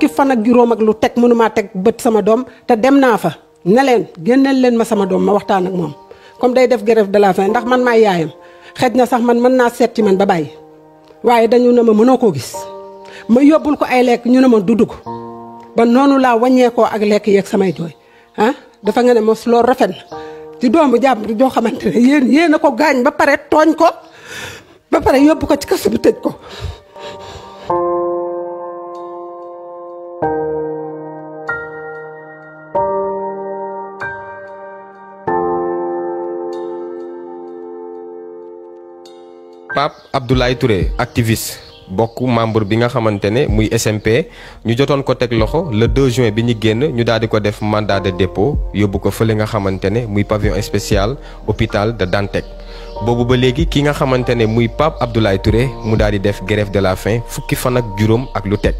ki fan ak juróom lu teg mënumaa teg bët sama doom te dem naa fa ne leen génneel leen ma sama doom ma waxtaan ak moom comme day def grève de la faim ndax man maa yaayam xëj na sax man mën naa seet ci man ba bàyyi waaye dañu ne ma mënoo koo gis ma yóbbul ko ay lekk ñu ne ma du dugg ba noonu laa wàññeekoo ak lekk yeeg samay jooy ah dafa nga ne mos loolu rafet na ci doomu jàmbur joo xamante ne yéen yéen ko gaañ ba pare tooñ ko ba pare yóbbu ko ci kaso bi tëj ko Pape Abdoulaye Touré activiste bokk membre bi nga xamante ne muy SMP ñu jotoon ko teg loxo le 2 juin bi ñu génn ñu daal di ko def mandat de dépôt yóbbu ko fële nga xamante ne muy pavillon spécial hôpital de Dantec boobu ba léegi ki nga xamante ne muy Pape Abdoulaye Touré mu daal di def grève de la fin fukki fan ak juróom ak lu teg.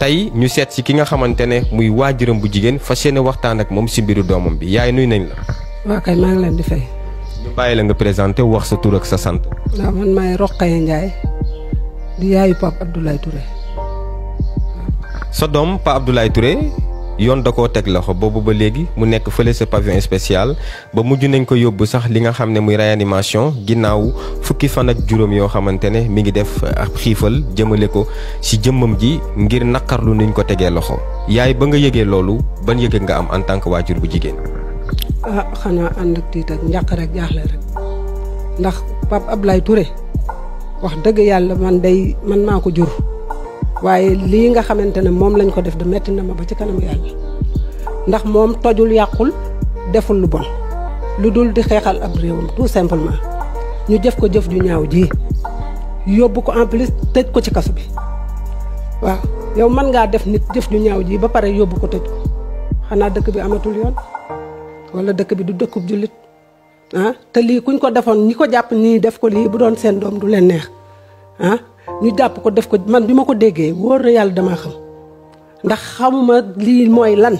tey ñu seet si ki nga xamante ne muy waajuram bu jigéen fas yéene waxtaan ak moom si mbiru doomam bi yaay nuy nañ la. waaw kay maa ñu bàyyi la nga présenté wax sa tur ak sa sant. waaw man maay Roqaye Ndiaye di yaayu Pape Abdoulaye Touré. sa doom Pape Abdoulaye Touré yoon da koo teg loxo boobu ba léegi mu nekk fële sa pavillon spécial ba mujj nañ ko yóbbu sax li nga xam ne muy réanimation ginnaaw fukki fan ak juróom yoo xamante ne mi ngi def ab xiifal jëmale ko ci jëmmam ji ngir naqarlu niñ ko tegee loxo yaay ba nga yëgee loolu ban yëge nga am en tant que waajur bu jigéen. ah xanaa ànd ak tiit ak njàq rek jaaxle rek ndax ab Ablaye ture wax dëgg yàlla man day man maa ko jur waaye lii nga xamante ne moom lañ ko def de metti na ma ba ci kanam yàlla ndax moom tojul yàqul deful lu bon lu dul di xeexal ab réewam tout simplement ñu jef ko jëf ju ñaaw ji yóbbu ko en plus tëj ko ci kaso bi waaw yow mën ngaa def nit jëf ju ñaaw jii ba pare yóbbu ko tëj ko xanaa dëkk bi amatul yoon wala dëkk bi du dëkku jullit ah te lii kuñ ko defoon ñi ko jàpp nii def ko lii bu doon seen doom du leen neex ah ñu jàpp ko def ko man bi ma ko déggee wóor na yàlla damaa xam ndax xamuma lii mooy lan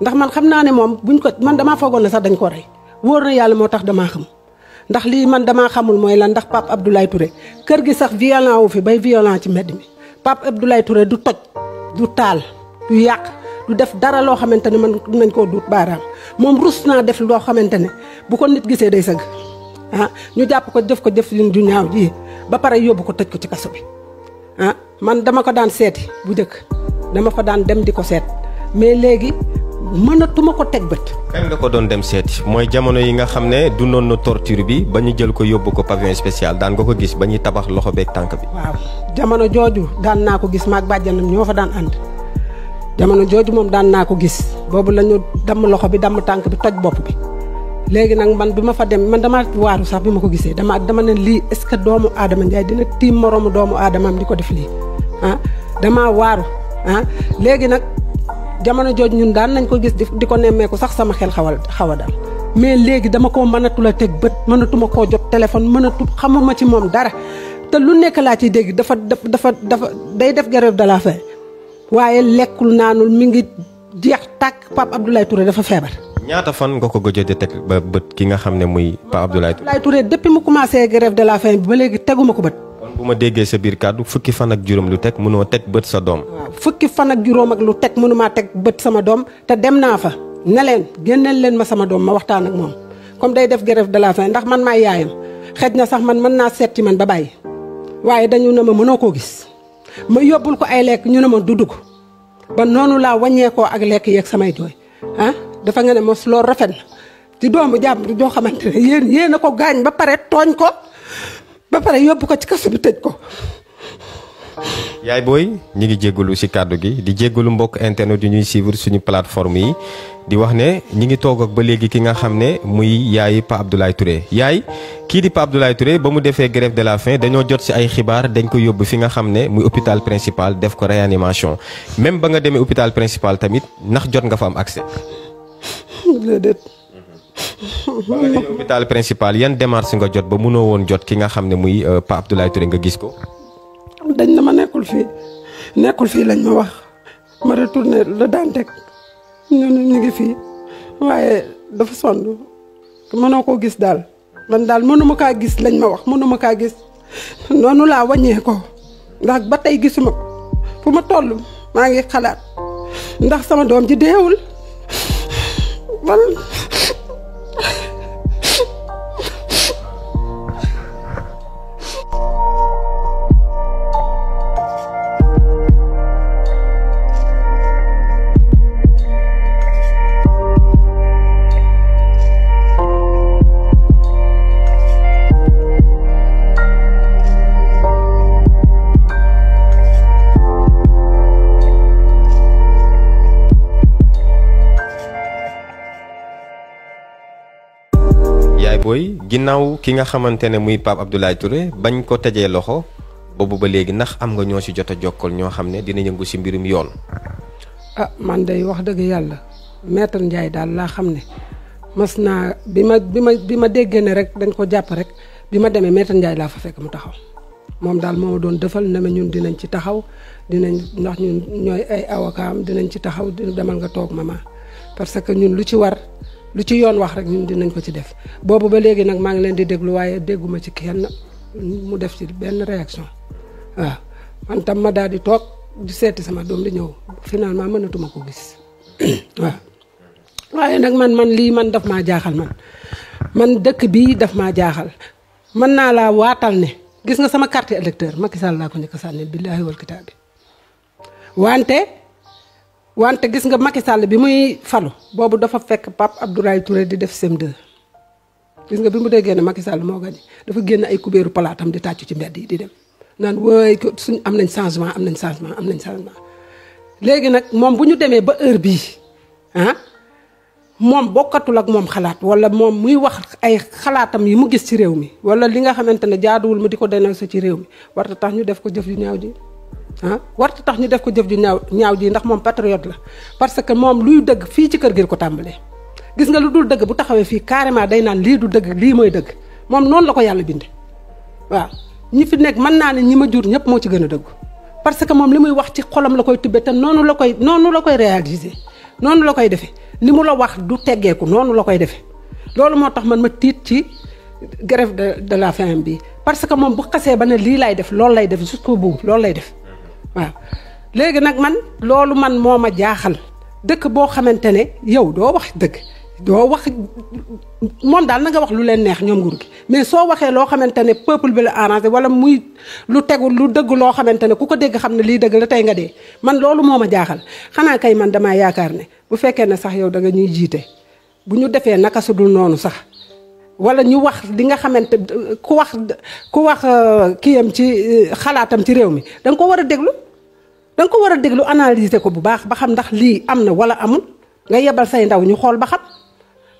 ndax man xam naa ne moom buñ ko man damaa foogoon na sax dañ ko rey wóor na yàlla moo tax damaa xam ndax lii man damaa xamul mooy lan ndax Pape Abdoulaye ture kër gi sax violent wu fi bay violent ci mbedd mi Pape Abdoulaye Touré du toj du taal du yàq du def dara loo xamante ne man nañ koo duut baaraam moom rus naa def loo xamante ne bu ko nit gisee day sëgg ah ñu jàpp ko def ko def lin du ñaaw ji ba pare yóbbu ko tëj ko ci kaso bi ah man dama ko daan seeti bu njëkk dama fa daan dem di ko seet mais léegi mënatuma ko teg bët. kan da ko doon dem seeti mooy jamono yi nga xam ne dundoon na torture bi ba ñu jël ko yóbbu ko pavillon spécial daan nga ko gis ba ñuy tabax loxo beeg tànk bi. waaw jooju daan naa ko gis maag bàjjanam ñoo fa daan ànd. jamono jooju moom daan naa ko gis boobu la ñu damm loxo bi damm tànk bi toj bopp bi léegi nag man bi ma fa dem man dama waaru sax bi ma ko gisee dama dama ne lii est ce que doomu aadama Ndiaye dina tiim moroomu doomu aadamaam di ko def lii ah dama waaru ah léegi nag jamono jooju ñun daan nañ ko gis di ko nemmeeku sax sama xel xawal xaw a dal mais léegi dama koo mënatula teg bët mënatuma koo jot téléphone mënatu xamuma ci moom dara te lu nekk laa ciy dégg dafa dafa dafa day def grève de la faim waaye lekkul naanul mi ngi jeex tàkk Pape Abdoulaye Touré dafa feebar. ñaata fan nga ko gëj a teg ba bët ki nga xam ne muy Pape Abdoulaye Touré. Abdoulaye Touré depuis mu commencé grève de la faim bi ba léegi teguma ko bët. kon bu ma déggee sa biir kàddu fukki fan ak juróom lu teg mënoo teg bët sa doom. fukki fan ak juróom ak lu teg mënumaa teg bët sama doom te dem naa fa ne leen génneel leen ma sama doom ma waxtaan ak moom comme day def grève de la ndax man maa yaayam xëj na sax man mën naa seeti man ba bàyyi waaye dañu mënoo koo gis. ma yóbbul ko ay lekk ñu ne ma du dugg ba noonu laa wàññeekoo ak lekk yeeg samay jooy ah dafa nga ne mos loolu rafet na ci doomu jàmbur joo xamante ne yéen yéen a ko gaañ ba pare tooñ ko ba pare yóbbu ko ci kaso bi tëj ko. yaay boy, ñi ngi jégalu ci cadeau gi di jégalu mbokk internet yu ñuy suivre suñu plateforme yi di wax ne ñi ngi toog ak ba léegi ki nga xam ne muy yaay Pa Abdoulaye Touré yaay kii di Pa Abdoulaye Touré ba mu defee grève de la faim dañoo jot si ay xibaar dañ ko yóbbu fi nga xam ne muy hôpital principal def ko réanimation même ba nga demee hôpital principal tamit ndax jot nga fa am accès. hôpital principal yan démarche nga jot ba mënoo woon jot ki nga xam ne muy euh, Pa Abdoulaye Touré nga gis ko. dañ na ma nekkul fii nekkul fii lañ ma wax ma retourné le Dantec ñun ñu ngi fii waaye dafa sonn mënoo koo gis daal man daal mënuma kaa gis lañ ma wax mënuma kaa gis noonu laa wàññee ko ndax ba tey gisuma ko fu ma toll maa ngi xalaat ndax sama doom ji deewul man gannaaw ki nga xamante ne muy Pape Abdoulaye Touré bañ ko tëjee loxo boobu ba léegi ndax am nga ñoo ci jot a jokkal ñoo xam ne dina yëngu ci mbirum yoon. a ah, man day wax dëgg yàlla maître Ndiaye daal laa xam ne mas naa bi ma bi ma bi ma déggee ne rek dañ ko jàpp rek bi ma demee maître Ndiaye laa fa fekk mu taxaw moom daal moo doon defal ne ma ñun dinañ ci taxaw dinañ ndax ñun ñooy ay avocat dinañ ci taxaw demal nga toog mama parce que ñun lu ci war. lu ci yoon wax rek ñun dinañ ko ci def boobu ba léegi nag maa ngi leen di déglu waaye dégguma ci kenn mu def ci benn réaction waaw man tam ma daal di toog di seeti sama doom di ñëw finalement mënatuma ko gis waaw waaye nag man man lii man daf maa jaaxal man man dëkk bii daf maa jaaxal mën naa laa waatal ne gis nga sama carte électeur Macky Sall laa ko njëkk a sànnil billahi wal kitaabi wante wante gis nga Macky Sall bi muy falu bobu dafa fekk pap Abdoulaye Touré di def sem 2 gis nga bimu dege ne Macky Sall mo gagné dafa genn ay couberu palaatam di tatchu ci mbedd yi di dem sasma. way suñ am nañ changement am nañ changement am nañ changement nak mom buñu démé ba heure bi ah mom bokatul ak mom xalaat wala mom muy wax ay xalaatam yi mu gis ci réew mi wala li nga xamantene jaadul mu diko ko ci réew warta tax ñu def ko jëf yu ñaaw ji ah warta tax ñu def ko jëf ju ñaaw ñaaw ji ndax moom patriote la parce que moom luy dëgg fii ci kër gi ko tàmbalee gis nga lu dul dëgg bu taxawee fii carrément day naan lii du dëgg lii mooy dëgg moom noonu la ko yàlla binde waaw ñi fi nekk mën naa ne ñi ma jur ñëpp moo ci gën a dëggu parce que moom li muy wax ci xolam la koy tibbee te noonu la koy noonu la koy réaliser noonu la koy defee li mu la wax du teggeeku noonu la koy defe loolu moo tax man ma tiit ci grève de de la faim bi parce que moom bu xasee ba ne lii laay def loolu lay def jusqu'au bout loolu lay def waaw léegi nag man loolu man moom a jaaxal dëkk boo xamante ne yow doo wax dëkk doo wax moom daal na nga wax lu leen neex ñoom nguur gi mais soo waxee loo xamante ne peuple bi la arrangé wala muy lu tegul lu dëgg loo xamante ne ku ko dégg xam ne lii dëgg la tey nga dee man loolu moom a jaaxal xanaa kay man damaa yaakaar ne bu fekkee ne sax yow da nga ñuy jiite bu ñu defee naka su dul noonu sax wala ñu wax li nga xamante ku wax ku wax euh, kii yam ci euh, xalaatam ci réew mi da ko war a déglu da ko war a déglu analyser ko bu baax ba xam ndax lii am na wala amul nga yebal say ndaw ñu xool ba xam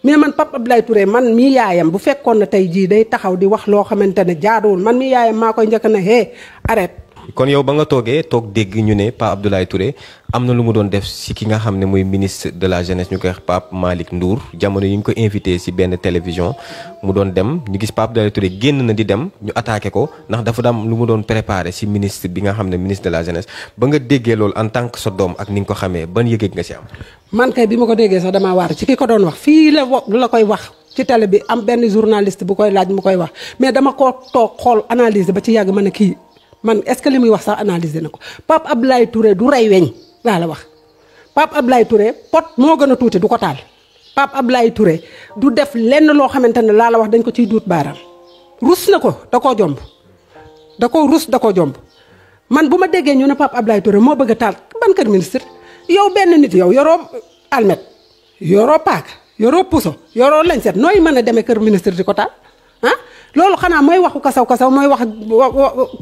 mais man Pape Abdoulaye Touré man mii yaayam bu fekkoon na tey jii day taxaw di wax loo xamante ne jaaduwul man mii yaayam maa koy njëkk na hee arrête kon yow ba nga toogee toog dégg ñu ne Pape Abdoulaye Touré am na lu mu doon def si ki nga xam ne muy ministre de la jeunesse ñu koy wax Pape Malick jamono yi ñu ko invité si benn télévision mu doon dem ñu gis Pape Abdoulaye Touré génn na di dem ñu attaqué ko ndax dafa dam lu mu doon préparé si ministre bi nga xam ne ministre de la jeunesse ba nga déggee loolu en tant que sa doom ak ni nga ko xamee ban yëgeeg nga si am. man kay bi ma ko déggee sax damaa waar ci ki ko doon wax fii la la koy wax. ci télé bi am benn journaliste bu koy laaj mu koy wax mais dama ko toog xool analyse ba ci yàgg ma ne kii man est-ce que li muy wax sax analyser na ko Pape Abdoulaye Touré du rey weñ laa la wax Pape Abdoulaye Touré pot moo gën a tuuti du ko taal Pape Abdoulaye Touré du def lenn loo xamante ne laa la wax dañ ko ciy duut baaraam rus na ko da koo jomb da koo rus da koo jomb man bu ma déggee ñu ne Pape Abdoulaye Touré moo bëgg a taal ban kër ministre yow benn nit yow yoroo almet yoroo paak yoroo puso yoroo lañset nooy mën a demee kër ministre di ko taal ah loolu xanaa mooy waxu kasaw kasaw mooy wax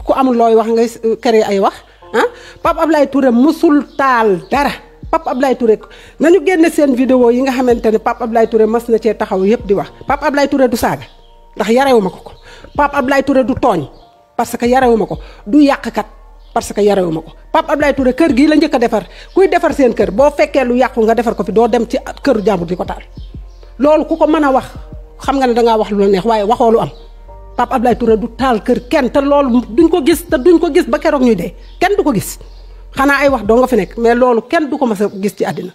ku amul looy wax ngay créer ay wax ah Pape lay Touré musul taal dara Pape Ablaye Touré nañu génne seen vidéo yi nga xamante ne Pape lay Touré mas na cee taxaw yëpp di wax Pape lay Touré du saaga ndax yarewuma ko ko Pape lay Touré du tooñ parce que yarewuma ko du yàqkat parce que yarewuma ko Pape Ablaye Touré kër gii la njëkk defar kuy defar seen kër boo fekkee lu yàqu nga defar ko fi doo dem ci këru jàmbur di ko taal loolu ku ko mën a wax xam nga ne dangaa wax lu la neex waaye waxoo lu am. Pape Abdoulaye Touré du taal kër kenn te loolu duñ ko gis te duñ ko gis ba keroog ñuy dee kenn du ko gis xanaa ay wax doo nga fi nekk mais loolu kenn du ko mas a gis ci àddina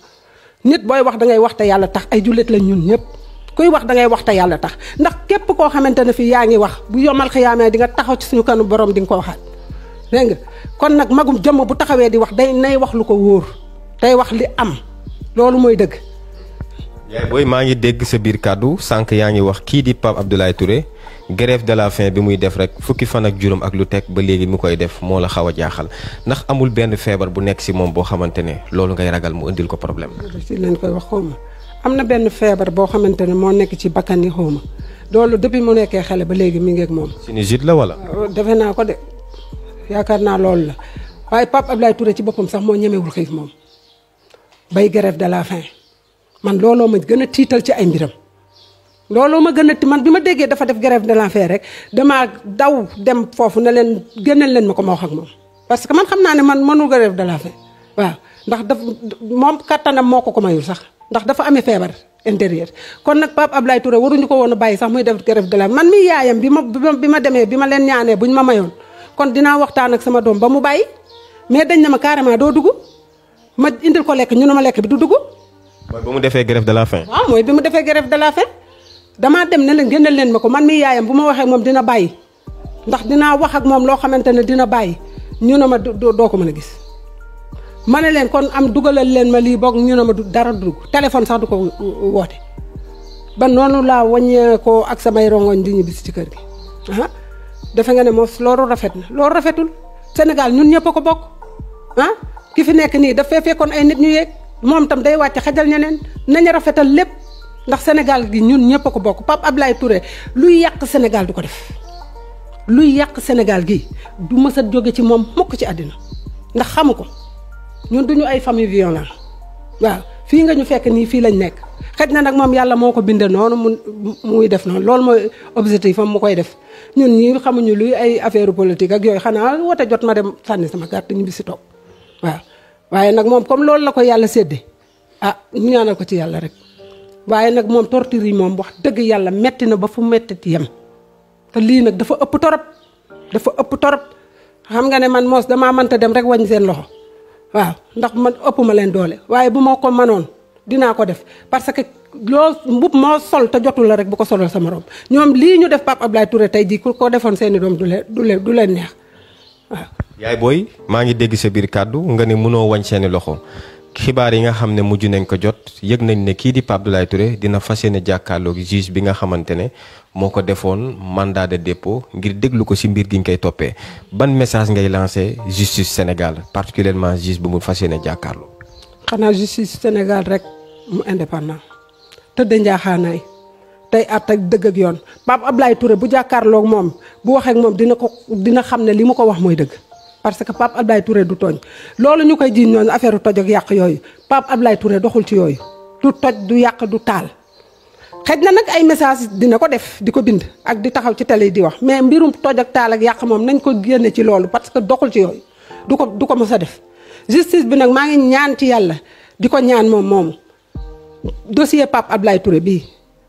nit booy wax da ngay wax te yàlla tax ay jullit lañ ñun ñëpp kuy wax da ngay wax te yàlla tax ndax képp koo xamante ne fii yaa ngi wax bu yomal xiyaamee di nga taxaw ci suñu kanu borom di nga ko waxaat dégg nga kon nag magum jëmm bu taxawee di wax day nay wax lu ko wóor tey wax li am loolu mooy dëgg. yaay maa ngi dégg sa biir kàddu sànq yaa ngi wax kii di Pape Abdoulaye Touré. grève de la faim bi muy def rek fukki fan ak juróom ak lu teg ba léegi mu koy def moo la xaw a jaaxal ndax amul benn feebar bu nekk si moom boo xamante ne loolu ngay ragal mu indil ko problème. si lañ koy wax xawma am na benn feebar boo xamante ne moo nekk ci bakkan yi xawma loolu depuis mu nekkee xale ba léegi mi ngi ak moom. sinusite la wala. Euh, defe naa ko de yaakaar naa loolu la waaye Pape Abdoulaye Touré ci boppam sax moo ñemewul xiif moom bay grève de la faim man looloo ma gën a tiital ci ay mbiram. looloo ma gën a man bi ma déggee dafa def grève de la faim rek damaa daw dem foofu ne leen génneel leen ma ko moo wax ak moom. parce que man xam naa ne man mënul grève de la faim waaw ndax daf moom kattanam moo ko ko mayul sax ndax dafa amee feebar intérieur. kon nag Pape Ablaye Touré waruñu ko woon a bàyyi sax muy def grève de man mii yaayam bi ma bi ma demee bi ma leen ñaanee buñ ma mayoon kon dinaa waxtaan ak sama doom ba mu bàyyi mais dañ ne ma carrément doo dugg ma indil ko lekk ñu ne ma lekk bi du dugg. mooy ba mu defee grève de la faim. mooy mu defee grève de la faim. damaa dem na leen génneel leen ma ko man mi yaayam bu ma waxee moom dina bàyyi ndax dinaa wax ak moom loo xamante ne dina bàyyi ñu ne ma doo ko mën a gis ma ne leen kon am dugalal leen ma lii boog ñu ne ma dara dugg téléphone sax du ko woote ba noonu laa wàññee ko ak samay rongoñ di ñibbisi ci kër gi ah defe nga ne moom loolu rafet na loolu rafetul Sénégal ñun ñëpp ko bokk ah. ki fi nekk nii daf fee fekkoon ay nit ñu yeeg moom tam day wàcc xajal ñeneen nañu rafetal lépp ndax Sénégal gi ñun ñëpp a ko bokk Pape Ablaye Touré luy yàq Sénégal du ko def luy yàq Sénégal gi du mës jóge ci moom mukk ci àddina ndax xamu ko ñun duñu ay famille violente waaw fii nga ñu fekk nii fii lañ nekk xëj na nag moom yàlla moo ko bindee noonu mu muy def noonu loolu mooy objectif am mu koy def ñun ñii xamuñu luy ay affaire politique ak yooyu xanaa wote jot ma dem sànni sama carte ñu bisi toog waaw waaye nag moom comme loolu la ko yàlla séddee ah ñu ko ci yàlla rek waaye nag moom torture yi moom wax dëgg yàlla metti na ba fu metti ci te lii nag dafa ëpp torop dafa ëpp torop xam nga ne man moos damaa mënta dem rek wañ seen loxo waaw ndax man ëpp ma leen doole waaye bu ma ko mënoon dinaa ko def parce que loo mbub moo sol te jotul la rek bu ko solal sama rom ñoom lii ñu def pap Abdoulaye Touré tey jii ku ko defoon seeni doom du leen du du leen neex waaw. yaay booy maa ngi dégg sa biir kàddu nga ne mënoo wañ seeni loxo xibaar yi nga xam ne mujj nañ ko jot yëg nañ ne kii di Pape Abdoulaye Touré dina fas yéene jàkkaarloog juge bi nga xamante ne moo ko defoon mandat de dépôt ngir déglu ko si mbir gi koy toppee ban message ngay lancé justice Sénégal particulièrement juge bu mu fas yéene jàkkaarloo. xanaa justice Sénégal rek mu indépendant tëdd njaaxaanaay tey àtt ak dëgg ak yoon Pape Abdoulaye Touré bu jàkkaarlook moom bu waxee moom dina ko dina xam ne li mu ko wax mooy dëgg. parce que Pape Abdoulaye Touré du tooñ loolu ñu koy jiiñ ñooñu affaire toj yàq yooyu Pape Abdoulaye Touré doxul ci yooyu du toj du yàq du taal. xëj na nag ay message dina ko def di ko bind ak di taxaw ci télé di wax mais mbirum toj ak taal ak yàq moom nañ ko génne ci loolu parce que doxul ci yooyu du ko du ko mës a def justice bi nag maa ngi ñaan ci yàlla di ko ñaan moom moomu dossier Pape Abdoulaye Touré bii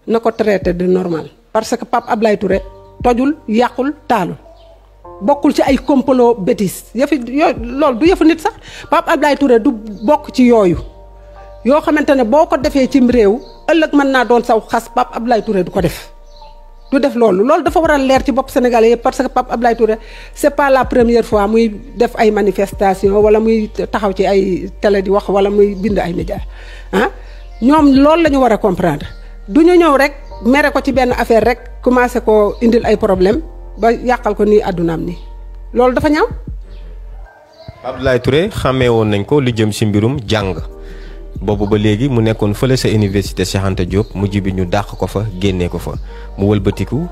na ko traité de normal parce que Pape Abdoulaye Touré tojul yàqul taalul bokkul ci ay complot bêtise yëfi yooyu loolu du yëfu nit sax pap Abdoulaye Touré du bokk ci yooyu yoo xamante ne boo ko defee cim réew ëllëg mën naa doon saw xas Pape Abdoulaye Touré du ko def du def loolu loolu dafa war a leer ci bopp sénégalais yëpp parce que pap Abdoulaye Touré c'est la première fois muy def ay manifestation wala muy taxaw ci ay télé di wax wala muy bind ay média ah ñoom loolu la ñu war a comprendre du ñu ñëw rek mere ko ci benn affaire rek commencé ko indil ay problème ba yakal ko ni àddunaam ni lolou dafa ñaaw Abdoulaye Touré xamé won nañ ko li jëm ci mbirum jang bobu ba légui mu nekkon feulé sa université Cheikh Anta Diop mu jibi ñu dakk ko fa génné ko fa mu wëlbatiku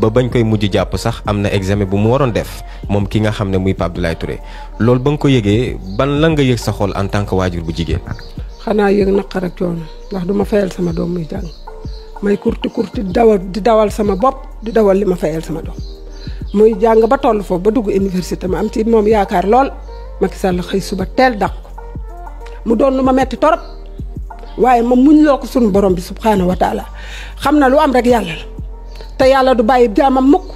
ba bañ koy mujj japp sax amna examen bu mu waron def mom ki nga xamné muy Abdoulaye Touré lolou bang ko yégué ban la nga yëg sa xol en tant que wajur bu jigéen. xana yëg naqar ak coono ndax duma fayal sama doom muy jàng may kurti kurti dawal di dawal sama bop di dawal lima fayal sama doom muy jàng ba toll foofu ba dugg université ma am ci moom yaakaar lool Macky Sall xëy suba teel dàq ko mu doon lu ma metti torop waaye ma muñ loo ko sunu borom bi subhanahu wa taala xam na lu am rek yàlla la te yàlla du bàyyi jaamam mukk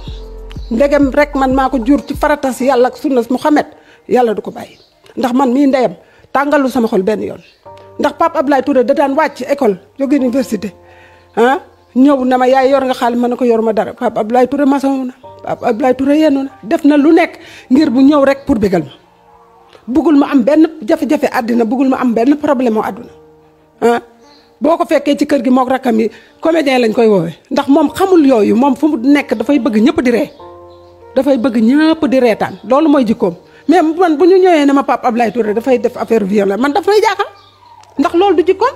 ndegem rek man maa ko jur ci faratas yàlla ak sunna Muhammad yàlla du ko bàyyi ndax man mii ndeyam tàngalu sama xol benn yoon ndax Pape Abdoulaye Touré da daan wàcc école université ah. ñëw na ma yaay yor nga xaalis ma ne ko yoruma dara Pape Abdoulaye Touré maçon na Pape Abdoulaye Touré yennu na def na lu nekk ngir bu ñëw rek pour bégal ma bëggul ma am benn jafe-jafe àddina bëggul ma am benn problème moo àdduna ah. boo ko fekkee ci kër gi mook rakkam yi comédien lañ koy woowe ndax moom xamul yooyu moom fu mu nekk dafay bëgg ñëpp di ree dafay bëgg ñëpp di reetaan loolu mooy jikkoom mais man bu ñu ñëwee ne ma Pape Abdoulaye Touré dafay def affaire violente man daf may jaaxal ndax loolu du jikkoom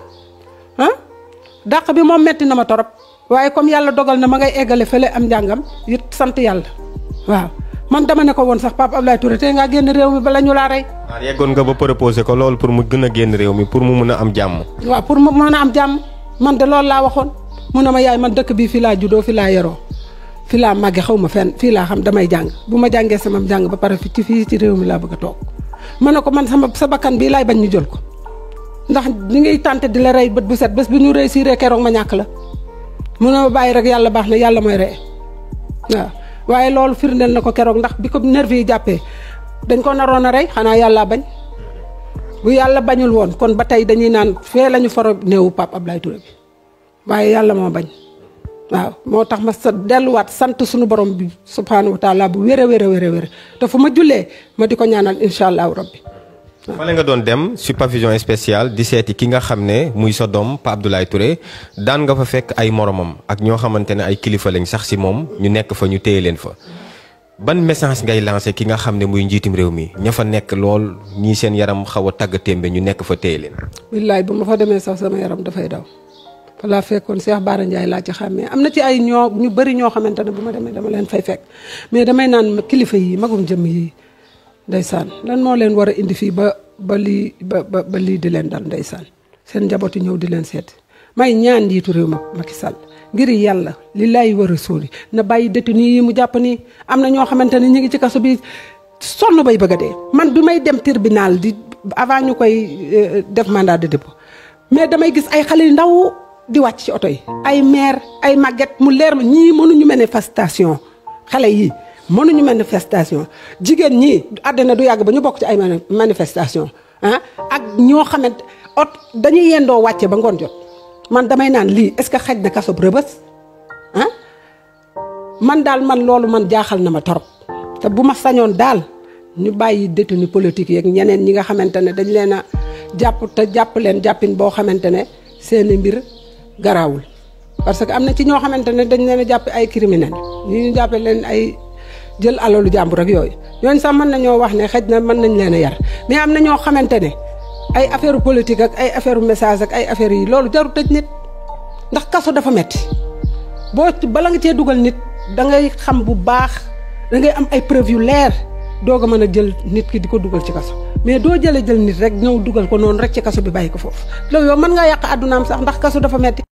ah dak bi mom metti na ma torop waye comme yalla dogal na ma ngay égalé fële am jangam yit sante yalla waaw man dama ne ko won sax pap Abdoulaye Touré tey nga génn réew mi bala ñu la ray waaw yeggoon nga ba proposé ko loolu pour mu gëna a génn réew mi pour mu mëna am jamm waaw pour mu mëna am jamm man de loolu la waxon mu ne ma yaay man dëkk bi fi la juddoo fi la yero fi la magge xawma fen fi la xam damay jang bu ma sama jang ba para fi ci fi ci réew mi la bëgg tok toog ko man sama sa bakkan bii bañ ñu jël ko. ndax ni ngay tànte di la rey bët bu set bés bu ñu réussir keroog ma ñàkk la mun na ma bàyyi rek yàlla baax na yàlla mooy ree waaw waaye loolu firndeel na ko keroog ndax bi ko nervi yi jàppee dañ koo naroon a rey xanaa yàllaa bañ bu yàlla bañul woon kon ba tey dañuy naan fee lañu ñu faro néewu ab Abdoulaye Touré bi waaye yàlla moo bañ waaw moo tax ma sa delluwaat sant sunu borom bi subhaanahu wa taala bu wér a wér a wér a te fu ma jullee ma di ko ñaanal incha rabbi fale nga doon dem supervision spéciale di seeti ki nga xam ne muy sa doom Pa Abdoulaye Touré daan nga fa fekk ay moromam ak ñoo xamante ne ay kilifa lañ sax si moom ñu nekk fa ñu téye leen fa. ban message ngay lancé ki nga xam ne muy njiitum réew mi ña fa nekk lool ñii seen yaram xaw a tàgg témbe ñu nekk fa téye leen. wallaay bu ma fa demee sax sama yaram dafay daw. fa laa fekkoon Cheikh Bara Ndiaye laa ci xàmmee am na ci ay ñoo ñu bëri ñoo xamante ne bu ma demee dama leen fay fekk mais damay naan kilifa yi magum jëm yi. ndeysaan lan moo leen war a indi fii ba ba lii ba ba lii di leen dal ndeysaan seen njaboot yi ñëw di leen seet may ñaan njiitu réew ma Macky sal ngir yàlla li laay war a sóori na bàyyi détenu yi mu jàpp ni am na ñoo xamante ne ñu ngi ci kaso bi sonn bay bëgg a dee man du may dem tribunal di avant ñu koy eh, def mandat de dépôt mais damay gis ay xale yu ndaw di wàcc ci oto yi ay maire ay màgget mu leer ma ñii mënuñu manifestation xale yi mënuñu manifestation jigéen ñi àddina du yàgg ba ñu bokk ci ay manifestation ah ak ñoo xamante ot dañuy yendoo wàcce ba ngoon jot man damay naan lii est-ce que xaj na kasob rëbës ah man daal man loolu man jaaxal na ma torop te bu ma sañoon daal ñu bàyyi détenu politique yeeg ñeneen ñi nga xamante ne dañ leen a jàpp te jàpp leen jàppin boo xamante ne seeni mbir garaawul parce que am na ci ñoo xamante ne dañ leen jàpp ay criminel ñi ñu jàppe leen ay jël alolu jambur ak yoy ñoon sa wahne, nañu wax ne nayar. na nanyo nañ tene. yar mais am nañu xamantene ay affaire politique ak ay affaire message ak ay affaire yi lolu jaru tej nit ndax kasso dafa metti ba la nga ci dugal nit da ngay xam bu baax da ngay am ay preuve yu leer doog a jël nit ki diko duggal ci kasso mais do jël jël nit rek ñëw dugal ko non rek ci kasso bi bayiko fofu foofu sax ndax kasso dafa metti